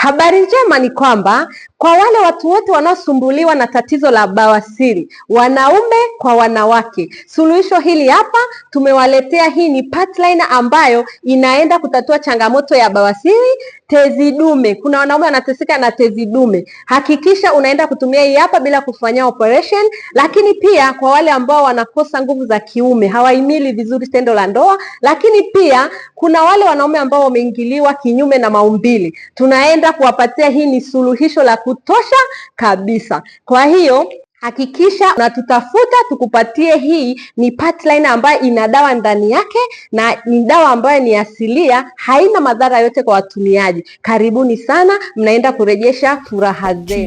Habari njema ni kwamba kwa wale watu wote wanaosumbuliwa na tatizo la bawasiri, wanaume kwa wanawake, suluhisho hili hapa tumewaletea. Hii ni Patline ambayo inaenda kutatua changamoto ya bawasiri, tezi dume. Kuna wanaume wanateseka na tezi dume, hakikisha unaenda kutumia hii hapa bila kufanyia operation. Lakini pia kwa wale ambao wanakosa nguvu za kiume, hawahimili vizuri tendo la ndoa, lakini pia kuna wale wanaume ambao wameingiliwa kinyume na maumbile, tunaenda kuwapatia. Hii ni suluhisho la kutosha kabisa. Kwa hiyo hakikisha unatutafuta tukupatie. Hii ni patline ambayo ina dawa ndani yake na ni dawa ambayo ni asilia, haina madhara yote kwa watumiaji. Karibuni sana, mnaenda kurejesha furaha zenu.